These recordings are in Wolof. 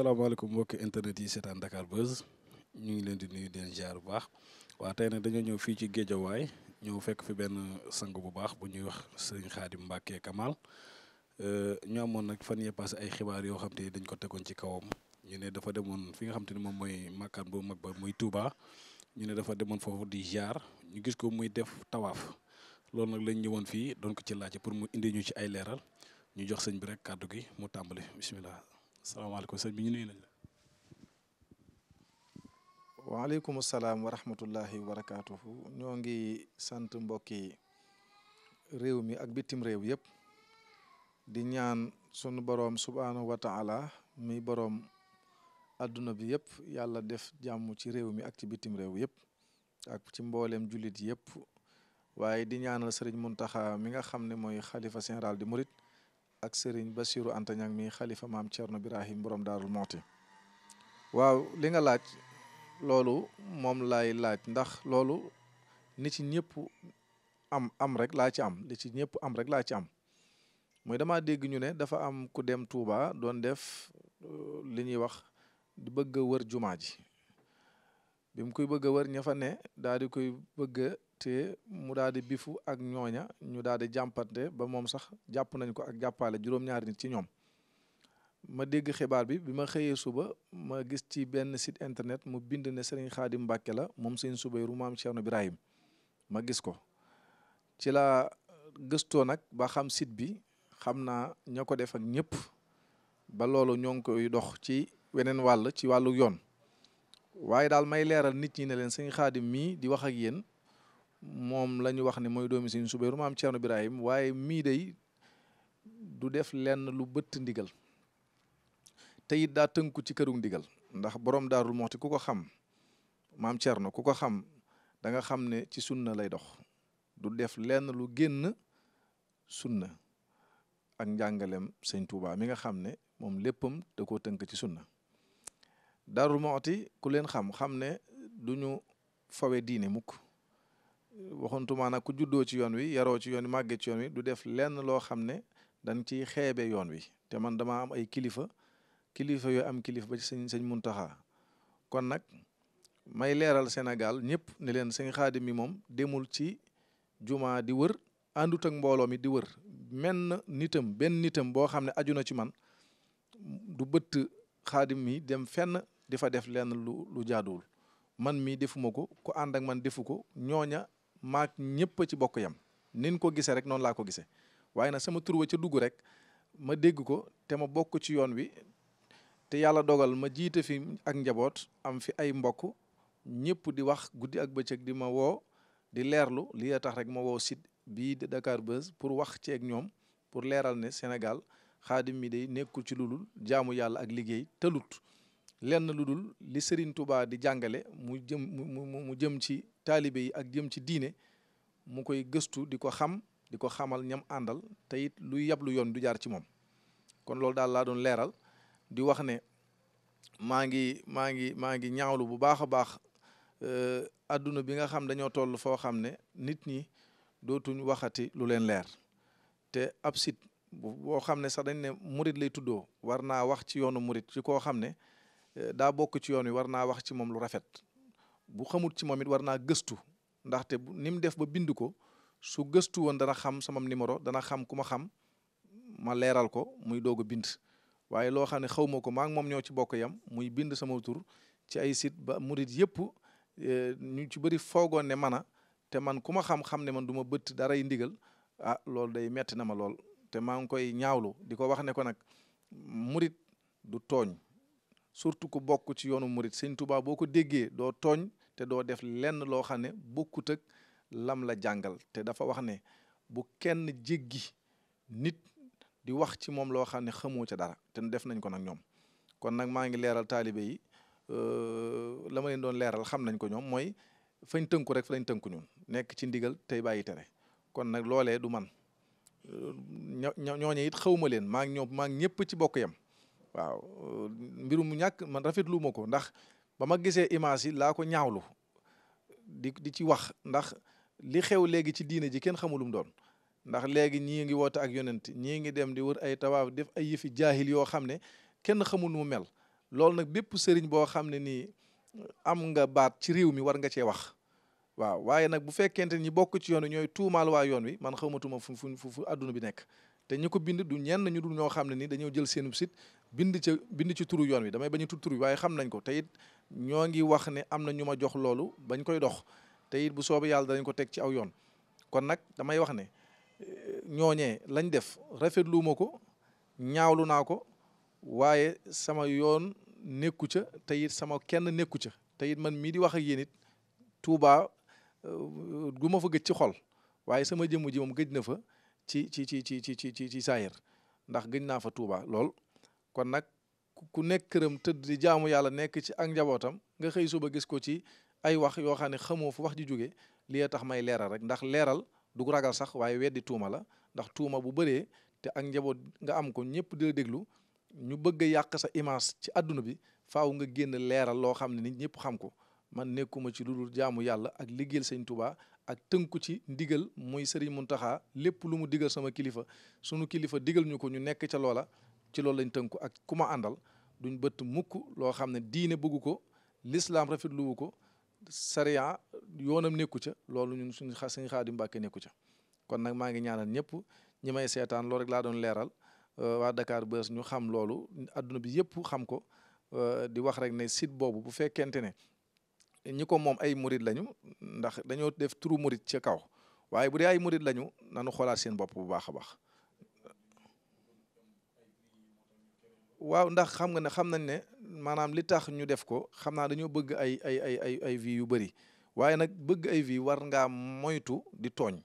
asalaamaaleykum mbokki internet yi seetaan Dakar Buzz ñu ngi leen di nuyu den jaar bu baax waa tey nag dañoo ñëw fii ci Géejawaay ñëw fekk fi benn sangu bu baax bu ñuy wax sëriñ Xaadim Mbàkke Kamal euh, ñu amoon nag fan yee passé ay xibaar yoo xam te dañ ko tegoon ci kawam ñu ne dafa demoon fi nga xam te ni moom mooy màkkaan bu mag ba muy Touba ñu ne dafa demoon foofu di jaar ñu gis ko muy def tawaaf loolu nag lañ ñëwoon fii doon ci laajte pour mu indi ñu ci ay leeral ñu jox sëñ bi rek kàddu gi mu tàmbali bisimilah. salaamaaleykum sëñ bi ñu nuyu la. waaleykum salaam wa rahmatullahi wa barakaatuhu ñoo ngi sant mbokki réew mi ak bitim réew yëpp di ñaan sunu boroom subhaanahu wa taala mi boroom adduna bi yëpp yàlla def jàmm ci réew mi ak ci bitim réew yëpp ak ci mbooleem jullit yëpp waaye di ñaanal sëriñ Muntaxa mi nga xam ne mooy xalifa seneral di murit ak Serigne Bassirou Anta Niang mi xalifa maam Thierno Birahim borom daarul mooti waaw li nga laaj loolu moom laay laaj ndax loolu ni ci ñëpp am am rek laa ci am li ci ñëpp am rek laa ci am mooy damaa dégg ñu ne dafa am ku dem Touba doon def euh, li ñuy wax di bëgg wër jumaa ji bi koy bëgg a wër ña fa ne daal di koy bëgg te mu daal bifu ak ñooña ñu daal di jàmpante ba moom sax jàpp nañ ko ak jàppale juróom-ñaari nit ci ñoom ma dégg xibaar bi bi ma xëyee suba ma gis ci benn sit internet mu bind ne Serigne Khadim Mbacke la moom Serigne Soubayrou maam Thierno Birahim ma gis ko ci la gëstoo nag ba xam site bi xam naa ña ko def ak ñëpp ba loolu ñoo ngi koy dox ci weneen wàll ci wàllu yoon waaye daal may leeral nit ñi ne leen Serigne Khadim mii di wax ak yéen. moom la wax ne mooy doomi Sëriñ Subayru maam Ceerno Birahim waaye mii day du def lenn lu bët ndigal te it daa tënku ci këru ndigal ndax borom daarul moxti ku ko xam maam Ceerno ku ko xam danga xam ne ci sunna lay dox du def lenn lu génn sunna ak njàngalem sëñ mi nga xam ne moom léppam da koo tënk ci sunna daarul moxti ku leen xam xam ne du ñu fawe diine mukk waxuntuma nag ku juddoo ci yoon wi yaroo ci yoon wi màggee ci yoon wi du def lenn loo xam ne dañ ciy xeebe yoon wi te man dama am ay kilifa kilifa yoo am kilifa ba ci sëñ sëñ Muntaxa kon nag may leeral senegal ñëpp ne leen sëñ Xaadim mi moom demul ci jumaa di wër àndut ak mbooloo mi di wër menn nitam benn nitam boo xam ne aju ci man du bëtt Xaadim mi dem fenn di fa def lenn lu lu jaaduwul man mii defuma ko ku ànd man defu ko ñooña maak ñëpp ci bokk yam nin ko gisee rek noonu laa ko gisee waaye nag sama tur wa ca dugg rek ma dégg ko te ma bokk ci yoon wi te yàlla dogal ma jiite fi ak njaboot am fi ay mbokk ñëpp di wax guddi ak bëccëg di ma woo di leerlu li tax rek ma woo site bii de Dakar Buzz pour wax ci ñoom pour leeral ne Sénégal xaadim mi day nekkul ci ludul jaamu yàlla ak liggéey tëlut lenn lu dul li Serigne Touba di jàngale mu jëm mu jëm ci taalibe yi ak jëm ci diine mu koy gëstu di ko xam di ko xamal ñam àndal te it luy yablu yoon du jaar ci moom kon loolu daal laa doon leeral di wax ne maa ngi maa ngi maa ngi ñaawlu bu baax a baax euh, adduna bi nga xam dañoo toll foo xam ne nit ñi dootuñ waxati lu leen leer te absid boo xam ne sax dañ ne murit lay tuddoo war naa wax ci yoonu murit ci koo xam ne euh, daa bokk ci yoon wi war naa wax ci moom lu rafet bu xamul ci moom it war naa gëstu ndaxte ni mu def ba bind ko su gëstu woon dana xam sama numéro dana xam ku ma xam ma leeral ko muy doog a bind waaye loo xam ne xaw ko maa moom ñoo ci bokk yam muy bind sama tur ci ay site ba murit yëpp eh, ñu ci bëri foogoon ne man a te man ku ma xam ne man du bëtt daray ndigal ah loolu day metti na ma lool te maa ngi koy ñaawlu di ko wax ne ko nag murit du tooñ surtout ku bokk ci yoonu murit sëñ Tuubaa boo ko déggee doo tooñ te doo def lenn loo xam ne bokkut ak lam la jàngal te dafa wax ne bu kenn jéggi nit di wax ci moom loo xam ne xamoo ca dara te def nañ ko nag ñoom kon nag maa ngi leeral taalibe yi euh, la ma leen doon leeral xam nañ ko ñoom mooy fañ tënku rek fa lañ tënku ñun nekk ci ndigal tey bàyyi tere kon nag loolee du man ñoo ñooñu it xawma leen maa ngi ñoom maa ñëpp ci bokk yam waaw euh, mbirum ñàkk man rafetlu ma ko ndax ba ma gisee image yi laa ko ñaawlu di di ci wax ndax li xew léegi ci diine ji kenn xamulum doon ndax léegi ñii ngi woote ak yonent ñii ngi dem di wër ay tawaaf def ay yëfi jaahil yoo xam ne kenn xamul mel loolu nag bépp sëriñ boo xam ne nii am nga baat ci réew mi war nga cee wax waaw waaye nag bu fekkente ñi bokk ci yoon wi ñooy tuumaal waa yoon wi man xamatuma fu fu fu adduna bi nekk te ñu ko bind du ñenn ñu dul ñoo xam ne ni dañoo jël seenub sit bind ca bind ci turu yoon wi damay bañ a tudd waaye xam nañ ko te ñoo ngi wax ne am na ñu ma jox loolu bañ koy dox te it bu soobee yàlla danañ ko teg ci aw yoon kon nag damay wax ne eh, ñooñee lañ def rafetlu ma ko ñaawlu naa ko waaye sama yoon nekku ca te sama kenn nekku ca te it man mii di wax ak yéen it Tuubaa gu eh, ma fa gëj ci xol waaye sama jëmm ji moom gëj na fa ci ci ci ci ci ci ci saayir ndax gëj naa fa Tuubaa lool kon nag ku nekk këram tëdd di jaamu yàlla nekk ci ak njabootam nga xëy suba gis ko ci ay wax yoo xam ne xamoo fu wax ji jóge li tax may leeral rek ndax leeral du ragal sax waaye weddi tuuma la ndax tuuma bu bëree te ak njaboot nga am ko ñëpp di la déglu ñu bëgg a yàq sa image ci àdduna bi faw nga génn leeral loo xam ne nit ñëpp xam ko man nekkuma ci lu dul jaamu yàlla ak liggéel sëñ Tuubaa ak tënku ci ndigal muy Sëriñ Muntaxa lépp lu mu digal sama kilifa sunu kilifa digal ñu ko ñu nekk ca loola ci loolu lañ tënku ak ku ma àndal duñ bëtt mukk loo xam ne diine bugg ko lislaam rafetluwu ko sariya yoonam nekku ca loolu ñun suñu suñu Xaadim Mbàkke nekku ca kon nag maa ngi ñaanal ñëpp ñi may seetaan loolu rek laa doon leeral euh, waa dakaar Buzz ñu xam loolu adduna bi yëpp xam ko euh, di wax rek ne site boobu bu fekkente ne ñi ko moom ay murit lañu ndax dañoo def turu murit ca kaw waaye bu dee ay murit lañu nanu xoolaat seen bopp bu baax a baax waaw ndax xam nga ne xam nañ ne maanaam li tax ñu def ko xam naa dañoo bëgg ay ay ay ay ay vie yu bëri waaye nag bëgg ay vie war ngaa moytu di tooñ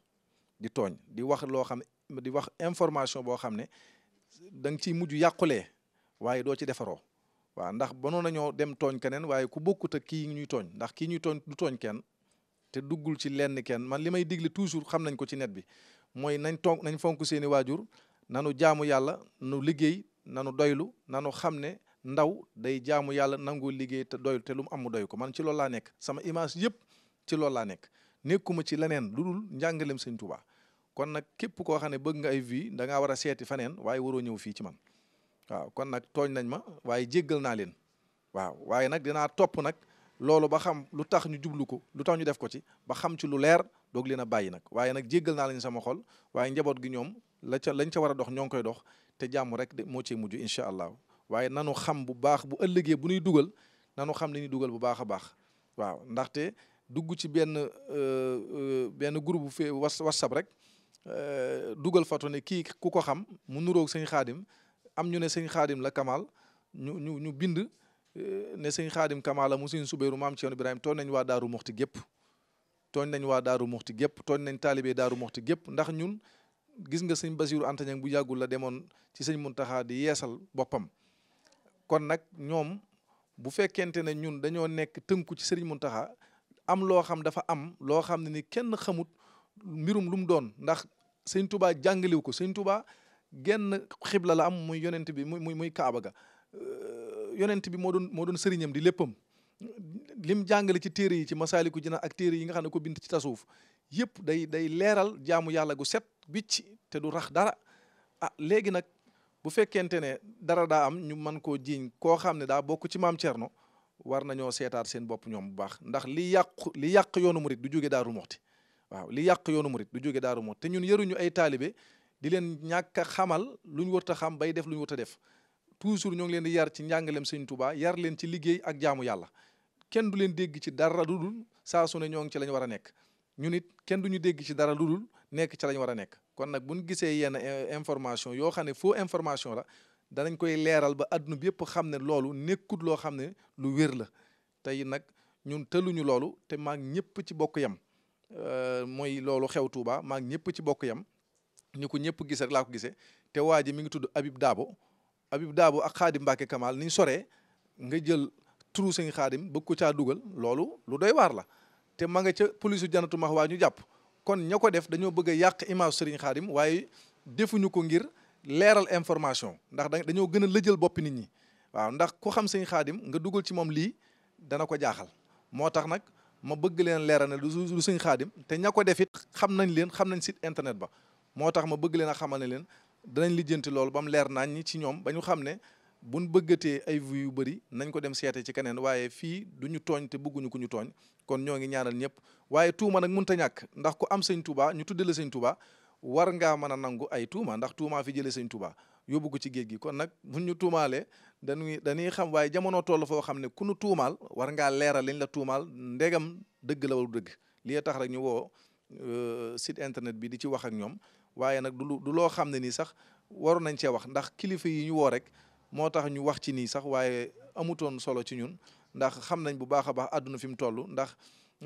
di tooñ di wax loo xam di wax information boo xam ne da nga ciy mujj yàqulee waaye doo ci defaroo waaw ndax banoon nañoo dem tooñ keneen waaye ku bokkut ak kii ñuy tooñ ndax ki ñuy tooñ du tooñ kenn te duggul ci lenn kenn man li may digle toujours xam nañ ko ci net bi mooy nañ toog nañ fonk seeni waajur nanu jaamu yàlla nu liggéey nanu doylu nanu xam ne ndaw day jaamu yàlla nangoo liggéey te doylu te lu mu am mu doy ko man ci loolu laa nekk sama image yëpp ci loolu laa nekk nekkuma ci leneen lu dul njàngaleem sëñ Tuubaa kon nag képp koo xam ne bëgg nga ay vie da ngaa war a seeti faneen waaye waroo ñëw fii ci man waaw kon nag tooñ nañ ma waaye jéggal naa leen waaw waaye nag dinaa topp nag loolu ba xam lu tax ñu jublu ko lu tax ñu def ko ci ba xam ci lu leer doog leen a bàyyi nag waaye nag jéggal naa leen sama xol waaye njaboot gi ñoom la lañ ca war a dox ñoo ngi koy dox te jàmm rek moo cee mujj incha allah waaye nanu xam bu baax bu ëllëgee bu ñuy dugal nanu xam li ñuy dugal bu baax a baax waaw ndaxte dugg ci benn euh, euh, benn groupe fee whatsapp rek euh, dugal foto ne kii ku ko xam mu nuroog sëñ xaadim am ñu ne sëñ xaadim la Kamal ñu ñu ñu bind ne sëñ xaadim Kamal la mu sëñ Subayru maam Ceerno Ibrahima tooñ nañ waa Daaru Muxti gépp tooñ nañ waa Daaru Muxti gépp tooñ nañ taalibe Daaru Muxti gépp ndax ñun gis nga sëñ Basiru Anta Ñaŋ bu yàggul la demoon ci sëñ Muntaxa di yeesal boppam kon nag ñoom bu fekkente ne ñun dañoo nekk tënku ci sëriñ Muntaxa am loo xam dafa am loo xam ne ni kenn xamut mbirum lu mu doon ndax sëñ Tuubaa jàngalewu ko sëñ Tuubaa genn xibla la am muy yonent bi muy muy muy Kaaba ga yonent bi moo doon moo doon sëriñam di léppam lim jàngale ci téere yi ci ko jinaan ak téere yi nga xam ne ko bind ci tasawuf yëpp day day leeral jaamu yàlla gu set bicc te du rax dara a ah, léegi nag bu fekkente ne dara daa am ñu mën koo jiiñ koo xam ne daa bokk ci maam Thierno war nañoo seetaat seen bopp ñoom bu baax ndax li yàqu li yàq yoonu murit du jóge daaru moxti waaw li yàq yoonu murit du jóge daaru moxti te ñun yëruñu ay taalibe di leen ñàkk a xamal luñ warut a xam bay def luñ warut a def toujours ñoo ngi leen di yar ci njàngaleem sëñ Tuubaa yar leen ci liggéey ak jaamu yàlla kenn du leen dégg ci dara du dul saa su ne ñoo ci lañ war a nekk ñun it kenn du ñu dégg ci dara lu dul nekk ca lañ war a nekk kon nag bu ñu gisee yenn eh, information yoo xam ne faux information la danañ koy leeral ba adduna bi yëpp xam ne loolu nekkut loo xam ne lu wér la tey nag ñun tëluñu loolu te maag ñëpp ci bokk yam euh, mooy loolu xew Touba maag ñëpp ci bokk yam ni ko ñëpp gis ak laa ko gisee te waa ji mi ngi tudd abib daabo abib daabo a Xaadim Mbacke Kamal ni soree nga jël turu sëñ Xaadim bëgg ko caa dugal loolu lu doy la te ma nga ca polisu janatu waa ñu jàpp kon ña ko def dañoo bëgg a yàq image Serigne Khadim waaye defuñu ko ngir leeral information ndax dañoo gën a lëjal boppi nit ñi waaw ndax ku xam Serigne Khadim nga dugal ci moom lii dana ko jaaxal moo tax nag ma bëgg leen leeral ne du Serigne Khadim te ña ko def it xam nañ leen xam nañ site internet ba moo tax ma bëgg leen a xamal ne leen danañ lijjanti loolu ba mu leer nañ ñi ci ñoom ba ñu xam ne buñ bëggatee ay vues yu bëri nañ ko dem seete ci keneen waaye fii du ñu tooñ te bëgguñu ku ñu tooñ kon ñoo ngi ñaanal ñëpp waaye tuuma nag mënta ñàkk ndax ku am sëñ Touba ñu tudde la sëñ Touba war ngaa mën a nangu ay tuuma ndax tuuma fi jëlee sëñ Touba yóbbu ko ci géej gi kon nag buñ ñu tuumaalee dañuy dañuy xam waaye jamono toll foo xam ne ku nu tuumaal war ngaa leeral la tuumaal ndegam dëgg la wala dëgg li tax rek ñu woo euh, site internet bi di ci wax ak ñoom waaye nag du du loo xam ne nii sax waru nañ cee wax ndax kilifa yi ñu woo rek moo tax ñu wax ci nii sax waaye amutoon solo ci ñun ndax xam nañ bu baax a baax àdduna fi mu toll ndax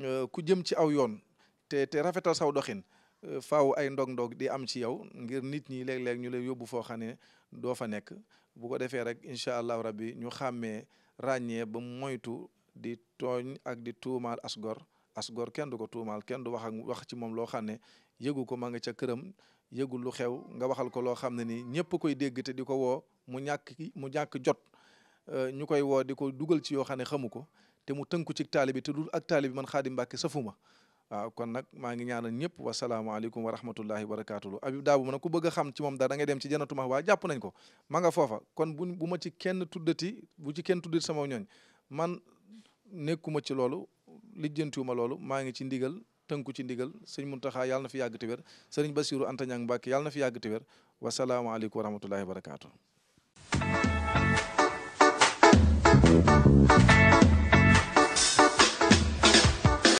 euh, ku jëm ci aw yoon te te rafetal saw doxin euh, faaw ay ndog-ndog di am ci yow ngir nit ñi léeg-léeg ñu lay yóbbu foo xam ne doo fa nekk bu ko defee rek incha allahu rabbi ñu xàmmee ràññee ba moytu di tooñ ak di tuumaal asgor as gor kenn du ko tuumaal kenn du wax ak wax ci moom loo xam yëgu ko ma nga ca këram yëgul lu xew nga waxal ko loo xam ne nii ñëpp koy dégg te di ko woo mu ñàkk mu ñàkk jot euh, ñu koy woo di ko dugal ci yoo xam ne xamu ko te mu tënku ci taali bi te dul ak taali bi man Xaadim Mbàkke safuma waaw kon nag maa ngi ñaanal ñëpp wasalaamaaleykum wa rahmatullahi wa barakaatuhu Habib Dabo ma ne ku bëgg xam ci moom daal da ngay dem ci Jannatul Mahwa jàpp nañ ko ma nga foofa kon bu bu ci kenn tuddati bu ci kenn tuddati sama ñooñ man nekkuma ci loolu lijjantiwuma loolu maa ngi ci ndigal tënku ci ndigal sëñ Muntaxa yàlla na fi yàgg te wér sëriñ Basiru Anta Ñang Mbàkke yàlla fi yàgg te wér wasalaamaaleykum wa rahmatullahi wa barakaatu.